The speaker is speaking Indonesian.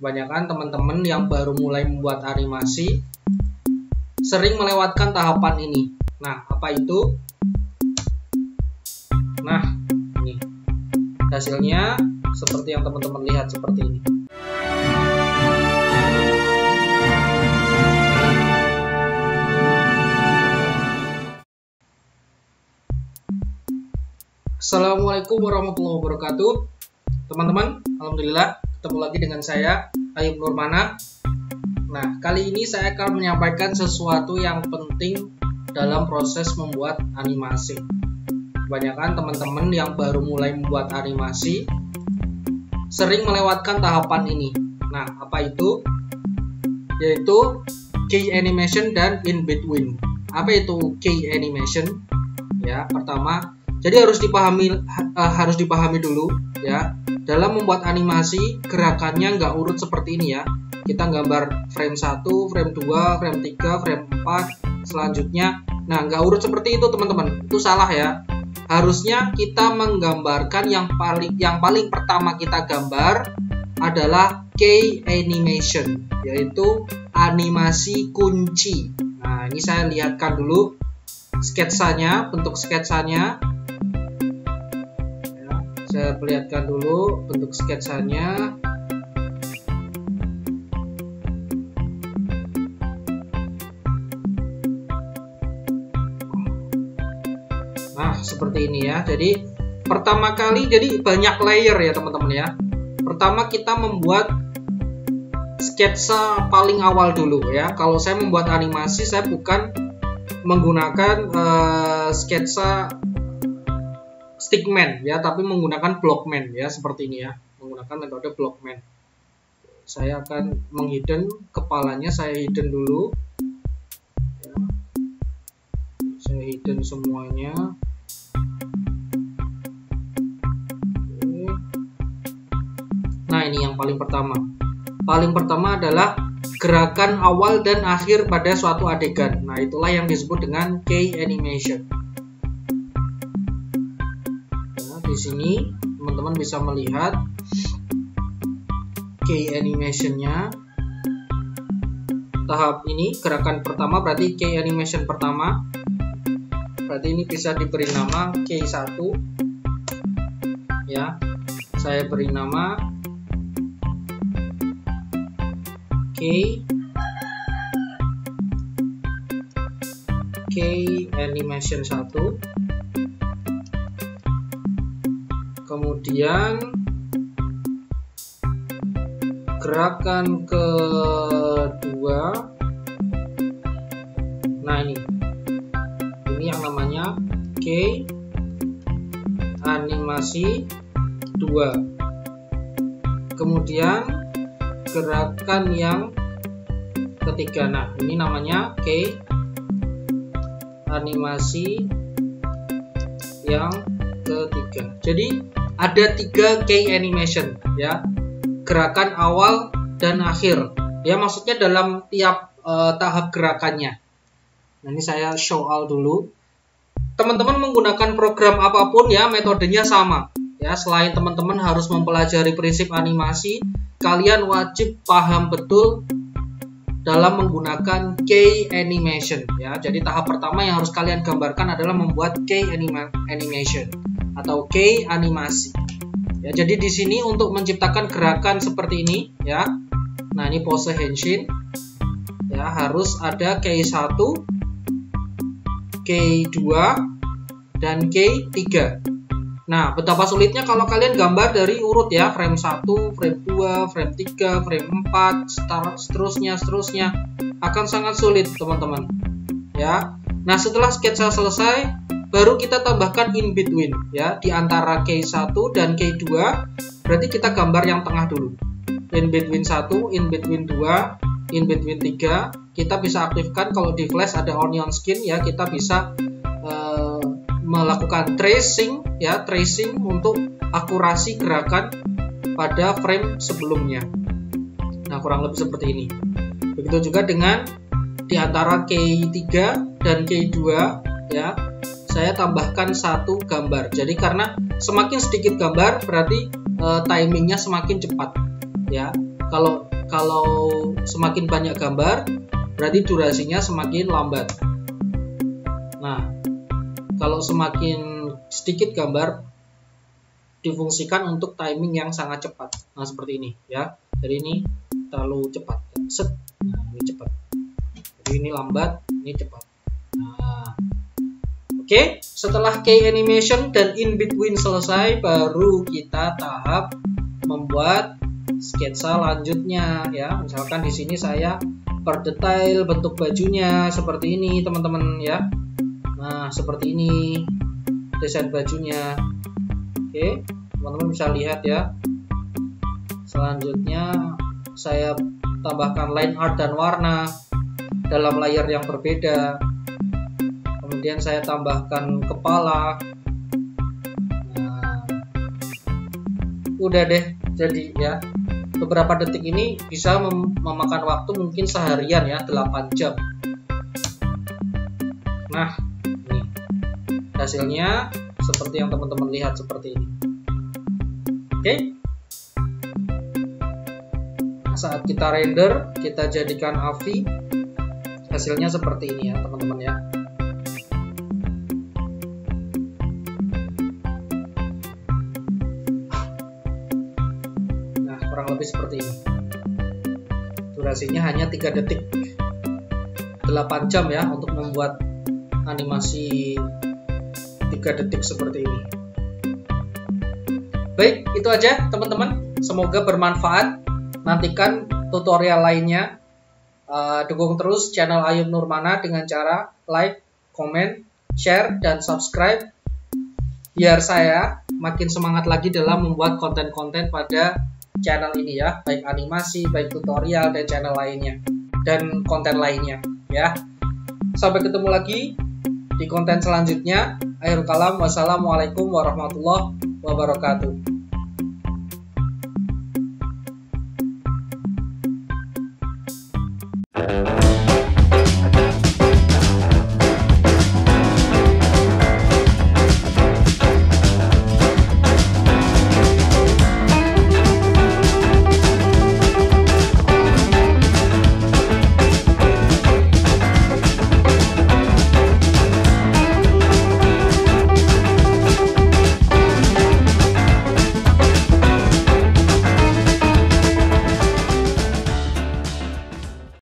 kebanyakan teman-teman yang baru mulai membuat animasi sering melewatkan tahapan ini. Nah, apa itu? Nah, ini hasilnya seperti yang teman-teman lihat seperti ini. Assalamualaikum warahmatullahi wabarakatuh. Teman-teman, alhamdulillah ketemu lagi dengan saya Ayub Nurmana. Nah, kali ini saya akan menyampaikan sesuatu yang penting dalam proses membuat animasi. Kebanyakan teman-teman yang baru mulai membuat animasi sering melewatkan tahapan ini. Nah, apa itu? Yaitu key animation dan in between. Apa itu key animation? Ya, pertama jadi harus dipahami harus dipahami dulu ya dalam membuat animasi, gerakannya nggak urut seperti ini ya. Kita gambar frame 1, frame 2, frame 3, frame 4, selanjutnya. Nah, nggak urut seperti itu teman-teman. Itu salah ya. Harusnya kita menggambarkan yang paling yang paling pertama kita gambar adalah key animation, yaitu animasi kunci. Nah, ini saya lihatkan dulu sketsanya, bentuk sketsanya saya perlihatkan dulu bentuk sketsanya nah seperti ini ya jadi pertama kali jadi banyak layer ya teman-teman ya pertama kita membuat sketsa paling awal dulu ya kalau saya membuat animasi saya bukan menggunakan uh, sketsa stickman ya, tapi menggunakan blockman ya seperti ini ya, menggunakan metode blockman. Saya akan menghidden kepalanya, saya hidden dulu. Ya. Saya hidden semuanya. Nah ini yang paling pertama. Paling pertama adalah gerakan awal dan akhir pada suatu adegan. Nah itulah yang disebut dengan key animation. di sini teman-teman bisa melihat key animationnya tahap ini gerakan pertama berarti key animation pertama berarti ini bisa diberi nama key 1 ya saya beri nama key key animation 1 kemudian gerakan kedua nah ini ini yang namanya K animasi 2 kemudian gerakan yang ketiga nah ini namanya K animasi yang ketiga jadi ada tiga key animation ya gerakan awal dan akhir ya maksudnya dalam tiap uh, tahap gerakannya nah ini saya show all dulu teman-teman menggunakan program apapun ya metodenya sama ya selain teman-teman harus mempelajari prinsip animasi kalian wajib paham betul dalam menggunakan key animation ya. Jadi tahap pertama yang harus kalian gambarkan adalah membuat key anima animation atau key animasi. Ya, jadi di sini untuk menciptakan gerakan seperti ini ya. Nah, ini pose henshin. Ya, harus ada key 1, key 2 dan key 3. Nah, betapa sulitnya kalau kalian gambar dari urut ya, frame 1, frame 2, frame 3, frame 4, seterusnya, seterusnya. Akan sangat sulit, teman-teman. Ya. Nah, setelah sketsa selesai, baru kita tambahkan in between ya di antara K1 dan K2 berarti kita gambar yang tengah dulu in between 1 in between 2 in between 3 kita bisa aktifkan kalau di flash ada onion skin ya kita bisa uh, melakukan tracing ya tracing untuk akurasi gerakan pada frame sebelumnya nah kurang lebih seperti ini begitu juga dengan di antara K3 dan K2 ya saya tambahkan satu gambar. Jadi karena semakin sedikit gambar berarti e, timingnya semakin cepat, ya. Kalau kalau semakin banyak gambar berarti durasinya semakin lambat. Nah, kalau semakin sedikit gambar difungsikan untuk timing yang sangat cepat. Nah, seperti ini, ya. Jadi ini terlalu cepat. Set. Nah, ini cepat. Jadi ini lambat, ini cepat. Nah, Oke, setelah key animation dan in between selesai, baru kita tahap membuat sketsa lanjutnya ya. Misalkan di sini saya per detail bentuk bajunya seperti ini, teman-teman ya. Nah, seperti ini desain bajunya. Oke, teman-teman bisa lihat ya. Selanjutnya saya tambahkan line art dan warna dalam layar yang berbeda kemudian saya tambahkan kepala nah, udah deh jadi ya beberapa detik ini bisa mem memakan waktu mungkin seharian ya 8 jam nah ini hasilnya seperti yang teman-teman lihat seperti ini oke okay? Nah, saat kita render kita jadikan AVI hasilnya seperti ini ya teman-teman ya seperti ini durasinya hanya 3 detik 8 jam ya untuk membuat animasi 3 detik seperti ini baik itu aja teman-teman semoga bermanfaat nantikan tutorial lainnya uh, dukung terus channel Ayub Nurmana dengan cara like, comment, share, dan subscribe biar saya makin semangat lagi dalam membuat konten-konten pada channel ini ya, baik animasi, baik tutorial dan channel lainnya dan konten lainnya ya. Sampai ketemu lagi di konten selanjutnya. Akhir kalam, wassalamualaikum warahmatullahi wabarakatuh.